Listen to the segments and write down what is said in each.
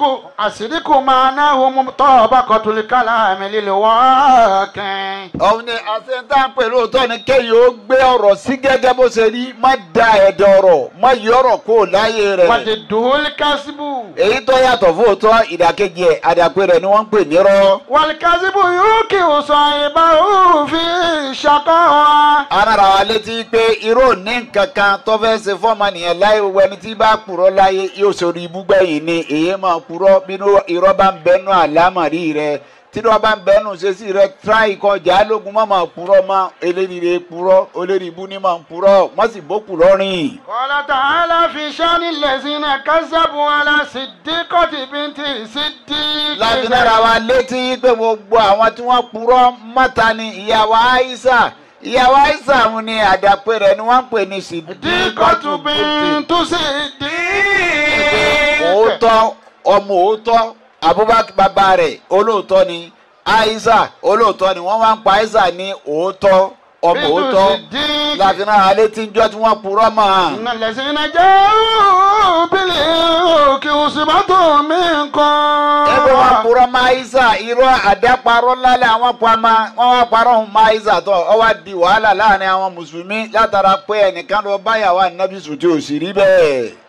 asidiku asidiku maana humu tọ́ọ̀bá kọtùlì kálá mi lílo wọ́ọ̀kìn. òun ni àṣetán pẹ̀lú òótọ́ ni kéèyàn ó gbé ọ̀rọ̀ sí gẹ́gẹ́ bó ṣe rí má da ẹ̀dọ̀ ọ̀rọ̀ má yí ọ̀rọ̀ kó o láyé rẹ̀. wàdí dùhùlì kásíbù. èyí tó yàtọ̀ fún òótọ́ ìdàkejì ẹ̀ àdàpé rẹ̀ ni wọ́n ń pè ní rọ́. wàlí kásíbù yóò kí o sọ ìbá òfin ṣàkọ́ wa. arára wa létí pé irú òní kankan tó purọ́ bínú irọ́ bá ń bẹnu àlámọ̀rí rẹ tínú ọba ń bẹnu ṣèṣì rẹ tíráì kọjá lógun mọ́ máa purọ́ mọ́ eléríire purọ́ olérìbú ni máa ń purọ́ wọ́n sì bókù lọ́rìn. kọ́lá tààlà fi lẹ́sìnà kásábù ala sídìkọ́tì bíntì sídìkì. láti nára wa létí pé gbogbo àwọn tí wọ́n purọ́ mọ́ta ni ìyàwó Aisha ìyàwó Aisha òun ni àdàpè rẹ̀ ni wọ́n ń pè ní sídìkọ́tì bíntì sídìkì. òótọ́ ọmọ òótọ́ abubakar babare rẹ̀ olóòótọ́ ni aiza olóòótọ́ ni wọ́n wá ń pa aiza ní òótọ́ ọmọ òótọ́ láfihàn alẹ́ tí ń jọ́ tí wọ́n purọ́ mọ́. nàlẹ́sìn ajá òbílẹ̀ òkè òsínbàtò mi kan. ẹgbẹ́ wọn purọ́ máa ìsà irọ́ àdáparọ́ lálẹ́ àwọn pamá wọ́n wá parọ́ ohun máa ìsà ọ wá di wàhálà láàrin àwọn mùsùlùmí látara pé ẹnìkan lọ báyàwó ànábì sùn tí ò sì rí bẹ́ẹ̀.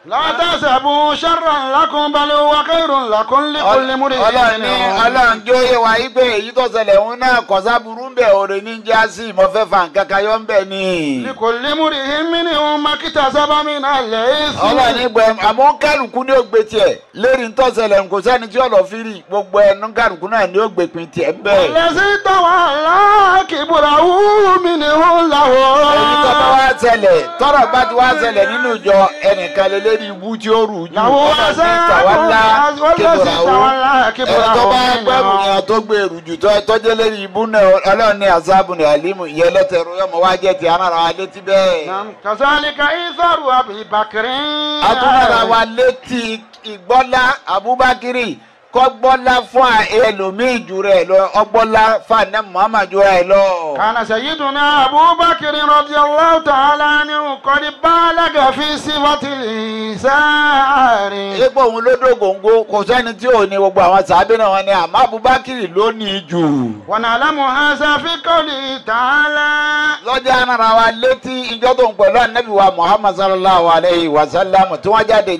mà kankan yọ ń bẹ̀ ni. ní kò lémúri mímí òun makita sábàmì náà lẹ̀ ẹ́ sí. ọlọ́run ní gbẹ àmọ́ kálukú ní ògbé tiẹ̀ lérí ń tọ́sẹ̀lẹ̀ kò sẹ́ni tí ọ̀lọ́ fi rí gbogbo ẹnu kálukú náà ní ògbé pin tiẹ̀ bẹ́ẹ̀. ọ̀lẹ́sí tọ́wọ́ aláàkìbọ̀lá wú mi ni ó làwọ̀. ẹni tó bá wá ṣẹlẹ̀ tọ́rọ̀ bá ti wá ṣẹlẹ̀ nínú ìjọ ẹnìkan lélẹ́ni ibú tí ó rù jù ọlọ́sí tọ́wọ́ lá tẹ̀rù yọmọ wá jẹ́ ti amára wa létí bẹ́ẹ̀. kàzálíkà ìzọrù àbí a tún mara wa létí ìgbọ́lá abubakiri kọgbọ́lá fún ẹlòmíì ju rẹ̀ lọ ọgbọ́lá fàánà muhammad ju rẹ̀ lọ. kana sayyiduna abubakar radiyallahu ta'ala anhu qad balaga fi sifatil insani. egbò òun ló dó góńgó kò sẹ́ni tí ò ní gbogbo àwọn sàábì náà wọn ni àmọ́ abubakar ló ní í jù. wa na'lamu hadha fi qawli ta'ala. lọ́jà ara wa létí ìjọ tó ń pẹ̀lú anabi wa muhammad sallallahu alayhi wa sallam tí wọ́n jáde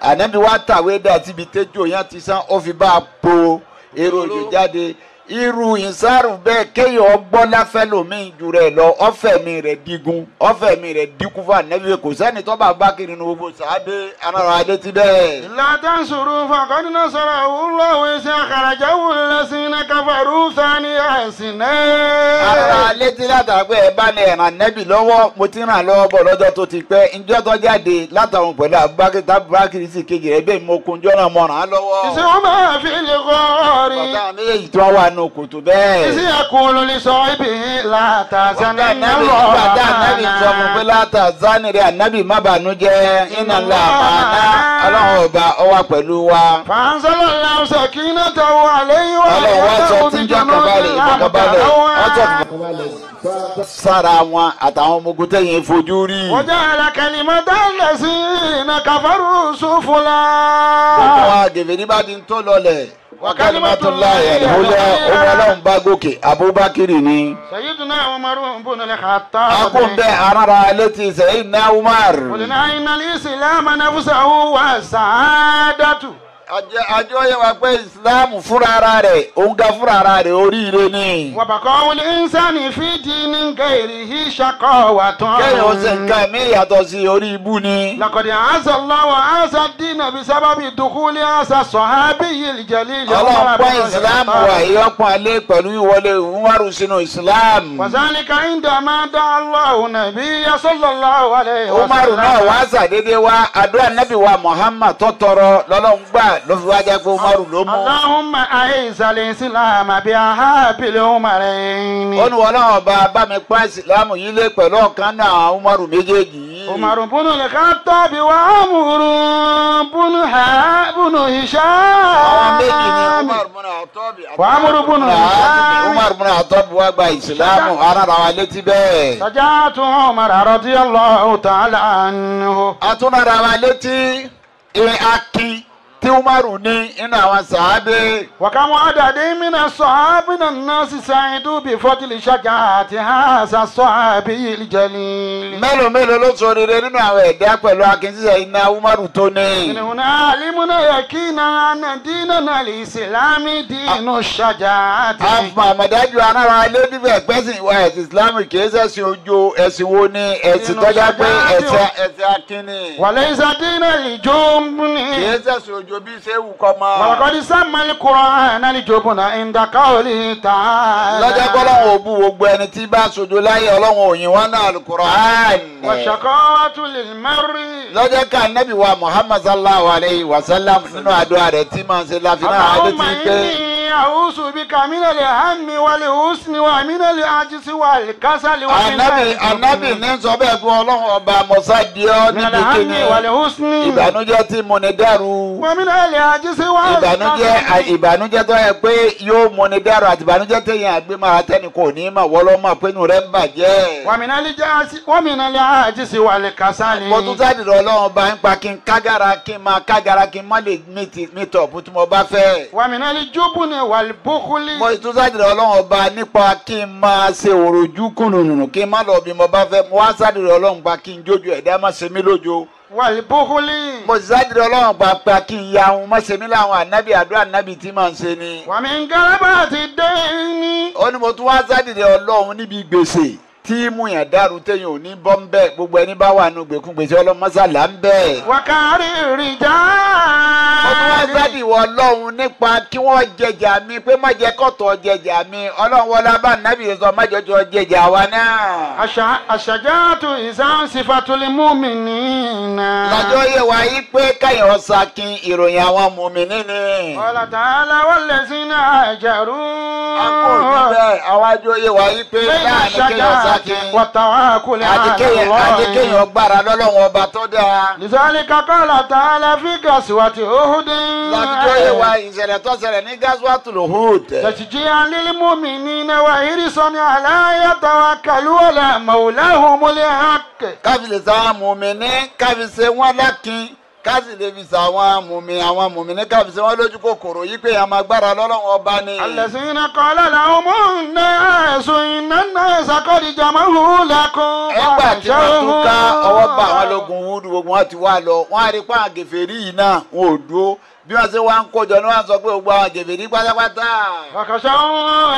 ànábi wa tàwé dà síbi tẹ́jú òyìn àti sàn ó fi bá a po èrò òjò jáde irú ìsáàrù bẹ́ẹ̀ kéèyàn gbọ́lá fẹ́lòmíì ju rẹ̀ lọ ọ̀fẹ̀mí rẹ̀ digun ọ̀fẹ̀mí rẹ̀ dínkù fún ànẹ́bí kò sẹ́ni bá kiri gbogbo sàádé adé ti bẹ́ẹ̀. ìlàtà sòrò fàkọ́dúnà sọ̀rọ̀ òwúrọ̀ òwe sí àkàràjà wò lẹ́sìn iná káfàrú sani àìsìn náà. ara alẹ́ ti látàgbẹ́ ẹ bá lè ràn nẹ́bí lọ́wọ́ mo ti ràn lọ́wọ́ lọ́jọ́ tó ti pẹ́ nínú kòtò bẹ́ẹ̀. sísí ẹkùn olè sọ ibi látàzánì lọ́wọ́ àná. bàtà ànábì sọ fún pé látàzánì rẹ ànábì má bàánú jẹ́ iná ńlá àmàlà ọlọ́run ọba ó wà pẹ̀lú wa. fàǹsọ́lọ̀ làǹsọ̀ kí iná tó wà lẹ́yìn wá. ọlọ́run wá sọ tíjọ́ kọbalẹ̀ ìfọkànbalẹ̀ ọjọ́ kọbalẹ̀ sára wọn àtàwọn ọmọ ogun tẹ̀yìn fojú rí. wọ́n jẹ́ àlàkẹ́lì mọ́tò sí iná kàfọ́rù sùfúlà. gbogbo wa gèfè ní bá ti ń tó lọlẹ̀ wakalimatullahi al-hula ọmọ ọlọ́run bá gòkè abubakar ni. sayyiduna umaru bùnú lè ka tán. a kò ń bẹ arara létí sayyiduna umar. olùnà iná lè sèlámà náfúsà wà sàádàtù àjọ yẹ wá pé islam fúnra ara rẹ̀ òun ga fúnra ara rẹ̀ oríire ni. wàbàkọ́ wuli nsani fídí ní nkẹ́rì hí ṣakọ́ wà tán. kéèyàn ṣe nǹkan mi yàtọ̀ sí orí ibú ni. lọ́kọ̀dé àṣà lọ́wọ́ àṣà dínà bí sábàbí dùkúlé àṣà sọ̀hábì yìí jẹ̀lí ìjọba. ọlọ́pàá islam wà ìyọ́pọ̀ alẹ́ pẹ̀lú ìwọlé umaru sínú islam. wàsálì ká ń dà máa dá aláwọ̀ nàbí yasọ́lọ́lá wàlẹ̀. umaru náà wá sàdédé wá àdúrà nàbí wa muhammad tọ́tọrọ lọ́lọ́ ń gbà ló fi wá jẹ́ pé ló mú. Allahumma àìsàlẹ̀ ìsìlámù àbí àhábìlẹ̀ umaru ni. ó ní wọn náà bá bá mi pa ìsìlámù yìí lé pẹ̀lú ọ̀kan náà umaru méjèèjì yìí. umaru bùnú lè ká tọ́bi wá múru bùnú ha bùnú iṣẹ́. àwọn méjì ni umaru bùnú àtọ́bi. wà á múru umaru bùnú àtọ́bi wá gba ìsìlámù ara ra wa létí bẹ́ẹ̀. sàjà tún umaru radiyallahu ta'ala anhu. àtúnra ra wa létí ìrìn akin tí umaru ina inú àwọn sàábé. wàkàmù àdàdé mìíràn sọ ábìnà náà sísan ìdúbì fọ́tìlì ṣáká àti àṣà sọ àbí melo mélòó mélòó ló sọ rere nínú àwọn ẹ̀dá pẹ̀lú akínsísẹ́ iná umaru tó ní. ìnùnà àlímúnà yẹ kí iná nàdínà náà lè ìsìlámì dínú ṣájà àti. àfọ àmọ̀dájú anára ilé bíbẹ̀ pẹ́sìn ìwà ẹ̀sìn ìsìlámì kìí ṣẹ̀sìn ojú ẹ̀sìn wo ni ẹ̀sìn tọ́já pé ẹ̀sìn akínni. wàlẹ́ ìsàdínà ìjó ń jo bí sẹ́wù kọ́ mọ́. Bàbákọ́dí sẹ́mọ̀lì kúrọ̀ àná ní jòbù náà ìdàkà òlì ta. Lọ́jọ́ pé ọlọ́run ò bú gbogbo ẹni tí bá sojo láyé ọlọ́run òyìn wọn náà lùkúrọ̀ àná. Wàṣàkọ́ tún lè mẹ́rì. Lọ́jọ́ ká nẹ́bí wa Muhammad sallallahu alayhi wa sallam nínú àdúrà rẹ̀ tí màá ṣe láfi náà á létí pé. Àbáwọ̀ màá ń ní a'udhu bika minal hammi wal husni wa minal ajzi wal kasali wa minal anabi anabi ní sọ bẹ́ẹ̀ fún ọlọ́run ọba mọ̀sá di ọ́ níbi kíni ìbànújẹ́ tí mo ní dẹ́rù ìbànújẹ́ ìbànújẹ́ tó yẹ pé yóò mo ní dẹ́rù àti ìbànújẹ́ tó yẹ àgbé máa tẹ́ni kò ní mà wọ́lọ́ mà pé inú rẹ̀ ń bàjẹ́. wa minal ajzi wal kasali. mo tún sáàdì ọlọ́run ọba ń pa kí n kágara kí n máa kágara kí n má lè mítọ̀ bó tí mo bá fẹ́. wa minal jubni wàlbúkúlì. mo tún sádìrẹ ọlọ́run ọba nípa kí n máa ṣe òròjú kùnùnùnù kí n má lọ bí mo bá fẹ́ mo wá sádìrẹ ọlọ́run pa kí n jójo ẹ̀dá má ṣe mí lójo. wàlbúkúlì. mo sì sádìrẹ ọlọ́run pa pa kí n ya ohun má ṣe mí láwọn ànábì àdúrà ànábì tí màá ṣe ni. wàmí ń gálábà ti dé ní. ó ní mo tún wá sádìrẹ ọlọ́run níbi gbèsè tí mú yàn dàrú téyàn ò ní bọ́ ń bẹ́ẹ̀ gbogbo ẹni bá wà nù gbèkúngbèsè ọlọ́mọsálà ń bẹ́ẹ̀. wákàrí ìrìjà ìwọ ọlọ́run nípa kí wọ́n jẹjà mi pé má jẹ́ kọ́tọ̀ jẹjà mi ọlọ́run wọlé abá nàbì sọ má jọjọ jẹjà wa náà. àṣàjáàtò ìsáǹsìfàtúlẹ̀ mùmínì náà. lọ́jọ́ yẹ wá yí pé káyọ̀ ṣakin ìròyìn àwọn mùmínì ni. ọ̀làtà aláwọ̀lẹ̀ sínú àjàrú. àpò níbẹ̀ àwọn àjọ yẹ wá yí pé láàrin kéèyàn ṣakin. wàtàwá kulẹ̀ àlọ́ àti gbára lọ́lọ́run jẹ́ òye wa ìṣẹ̀lẹ̀ tó ṣẹlẹ̀ ní Gazwatul Uhud. tẹ̀síjì alílí mú mi ní náwó ìrísọ́ ní aláyàtọ̀ wa kàlú ọ̀la màwùláhùn múlẹ̀ hàkẹ́. káfíńsì sáà mú mi ní káfíńsì wọn lákin káàsì lè fi sa àwọn mùmí àwọn mùmí ní káàfi sí wọn lójú kòkòrò yìí pé àmọ́ agbára lọ́lọ́run ọba ni. àlẹ́sìn iná náà ṣàkọ́dìjà máa bí wọ́n ṣe wá ń kójọ ni wọ́n sọ pé gbogbo àwọn jèbè ní pátápátá. ọ̀kọ̀ṣọ́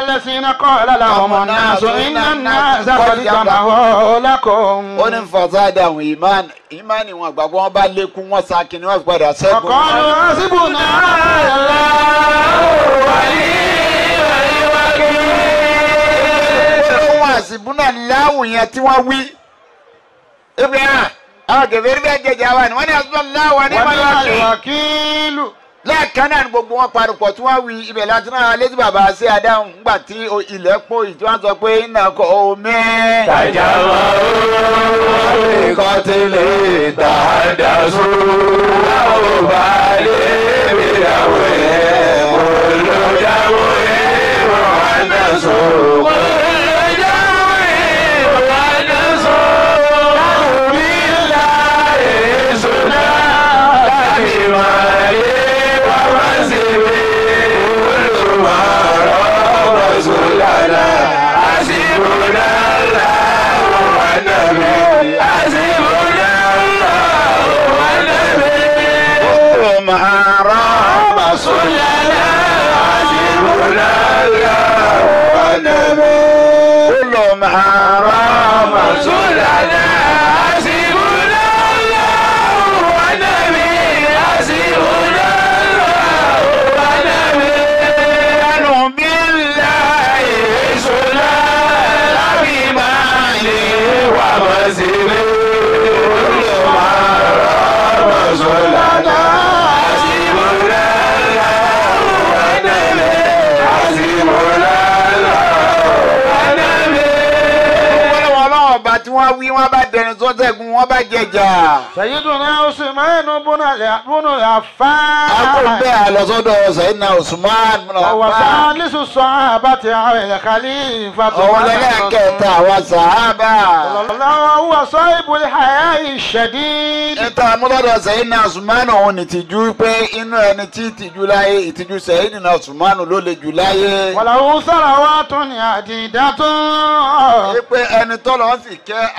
ẹlẹ́sìn iná kọ́ ọ̀làlàwọ̀ ọmọ náà sọ iná náà zákọ̀lì kàmáwọ́ ọlákọ̀ọ́mù. ó ní fasada àwọn ìmánì ìmánì wọn gbàgbọ́ wọn bá lékún wọn sakin ni wọn padà sẹ́kù. ọ̀kọ́ ló ń síbù náà yàrá wàyí wàyí wàyí. fún àṣìbù náà láwù yẹn tí wọ́n wí. ibi náà àwọn gèbèrè bẹ́ẹ̀ jẹjẹ wa ni wọ́n ní asúlọ́ láwọn ní lẹ́ẹ̀kan náà ni gbogbo wọn parupọ̀ tí wọ́n wí ibẹ̀ láti náà létí bàbá ṣe adáhùn nígbà tí ilẹ̀ pò yìí sọ pé iná kọ omi. tàjà wọn ó ikọ́ ti lè tàdà sùn láwọn bá lè rí ìyàwó ẹ̀ mo lọ dáwọ́ ẹ̀ wọ́n á nà sùn. wí wọ́n bá dẹ̀rìn sọ́tẹ̀gùn wọ́n bá jẹjà. Sayyiduna Usman bùnú Affan. a kò bẹ́ẹ̀ àlọ́sọ́dọ̀ Sayyiduna Usman bùnú Affan. ọ̀wọ̀ sálísù sàhábà ti àwọn èèyàn kálí ìfàtọ̀. ọ̀wọ̀ lẹ́lẹ́ kẹta àwọn sàhábà. lọ́wọ́ wà sọ ibùdó àyà ìṣẹ̀dí. níta amúlọ́dọ̀ Sayyiduna Usman òun ni tìjú pé inú ẹni tí tìjú láyé ìtìjú Sayyiduna Usman ló le jù láyé. wa tún ni àdìdá tún. wípé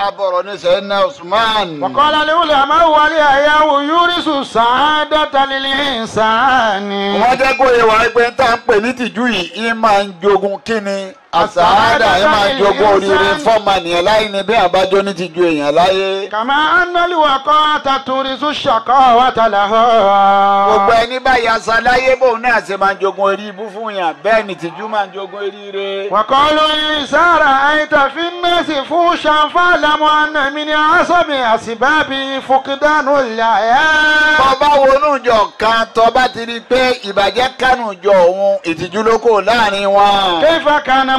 abọ̀rọ̀ ní sẹ́yìnà Usman. wàkọ́lá ni wúlò àmọ́ wọlé àyàwó yúrísù sàádọ́ta lílé ìsàn ni. wọ́n jẹ́ kó yẹ wàá gbé ń tà ń pè ní tìjú yìí ìmọ̀ ń jogun kíni àsàádà yẹn máa jogún oríire fọ́ọ̀mà nìyẹn láyé ni bí àbájọ ní ti ju èèyàn láyé. kàmá analiwa kọ́ taturi sún ṣàkọ́ wa tala họ́. gbogbo ẹni báyìí asa láyé bòun náà ṣe máa jogún orí ibú fún yàn bẹ́ẹ̀ ni tìjú máa jogún oríire. wàkọ́ lóyún sára àìtà fi nẹ́ẹ̀sì fún ṣàǹfà lámú ànàmí ni àṣọ̀bì àṣìbábì fúkìdánù làyà. tọ́ba wonú kan tọ́ba ti rí pé ìbàjẹ́ kánú jọ òun ìtìjú lóko láàrin wọn. kéfà kan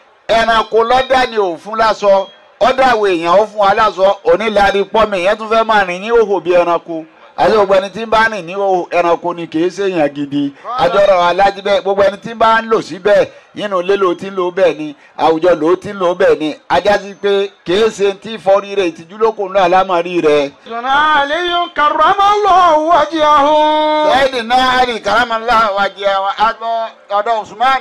ẹranko lọ́dà ni ò fún lásọ ọ̀dà àwọn èèyàn ó fún wa lásọ onílàrí pọ́mi ìyẹn tún fẹ́ máa rìn ní òhò ẹranko àti gbogbo tí bá rìn ní ẹranko ni kì èèyàn gidi àjọrò alájí gbogbo ẹni tí ń bá ń lò pé kì í ṣe ti ìtìjú lóko ńlá sẹ́yìn náà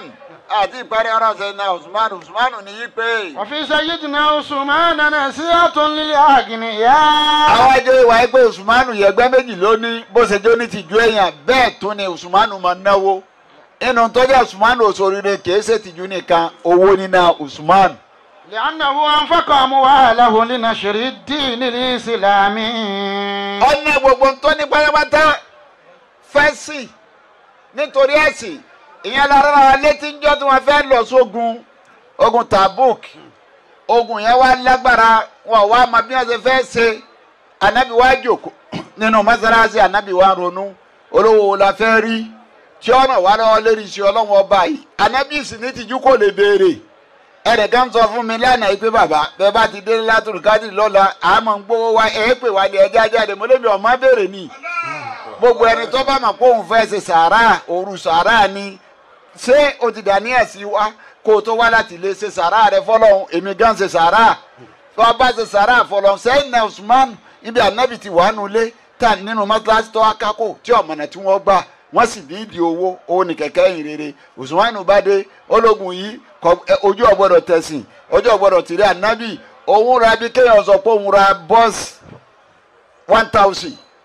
àti ìparí ọ̀rọ̀ na Usman Usman ní yí pé. ọ̀fíìsì ayédìnnà Usman nana sí àtúnlẹ̀ àgìnì yá. àwọn ẹjọ́ ìwà ẹgbẹ́ Usman yẹgbẹ́ méjì lónìí bó ṣe jó ní èèyàn bẹ́ẹ̀ tún ni Usman máa náwó inú tọ́jà Usman òṣòrire kìí ṣe tìjú nìkan owó níná Usman. ọ̀nà gbogbo ní pátápátá nítorí ẹ̀sìn ìyẹn lára wa létí ńjọ́ tí wọ́n fẹ́ lọ sógun ogun Tabuk ogun yẹn wá lágbára wọn wá ma bí wọ́n ṣe fẹ́ ṣe anabi wa jòkó nínú mọ́sálásí anabi wa ronú olówó la fẹ́ rí tí ọ̀nà wà lọ́wọ́ lérí iṣẹ́ ọlọ́wọ́ ọba anabi sì ní tìjú kò lè béèrè ẹnì kan sọ fún mi lánàá pé bàbá bẹ bá ti dé látòrò káàdì lọ́la àmọ́ ń gbowó wa ẹ pè wá lé ẹjá jáde mo lébi béèrè ni gbogbo ẹni tó bá mà kóhùn fẹ́ ṣe sàárà òru sàárà ni ṣé o ti ní wa kó o tó wá láti lè ṣe sàrà rẹ fọlọ́hún èmi gan ṣe sàrà tó a bá ṣe sàrà fọlọ́hún sẹ́yìn ibi anabi ti wà nulẹ̀ tá nínú mọ́tíláṣí tó akáko tí ọ̀mọ̀nà tí wọ́n gbà wọ́n sì ní ìdí owó owó ní kẹ̀kẹ́ yìí rere Usman bá dé ológun yìí ojú ọ̀gbọ́dọ̀ tẹ̀sìn one thousand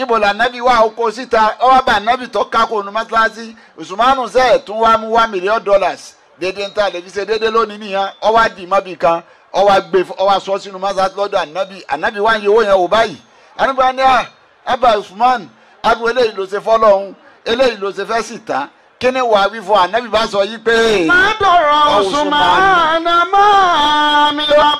ibo la nabi wa oko síta ọwọ́ ba nabi tó kákó nu mọ́tíláṣí usumanu sẹ́ẹ̀ tún wá mú one million dollars dédé ń ta lèbi ṣe dédé lónìí nìyẹn ọwọ́ àdì mọ́bì kan ọwọ́ gbé ọwọ́ sọ sínú mọ́tíláṣí lọ́dọ̀ ànábì ànábì wá ń yẹ owó yẹn wò báyìí ànábì wa ní à abba usman abu eléyìí ló ṣe fọlọ́hún eléyìí ló ṣe fẹ́ sì tán kí ni wàá wí fún sọ yìí pé. má dọ̀rọ̀ usman máa mi wà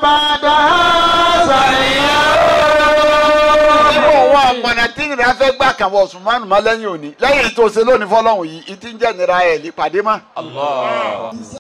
àwọn ọ̀mọ̀nà tí ìrìn afẹ́ gbà kàwọ̀ Usman mọ́ lẹ́yìn òní lẹ́yìn tó ṣe lónìí fọlọ́hún yìí ìtí nira ẹ̀ nípàdé mọ́.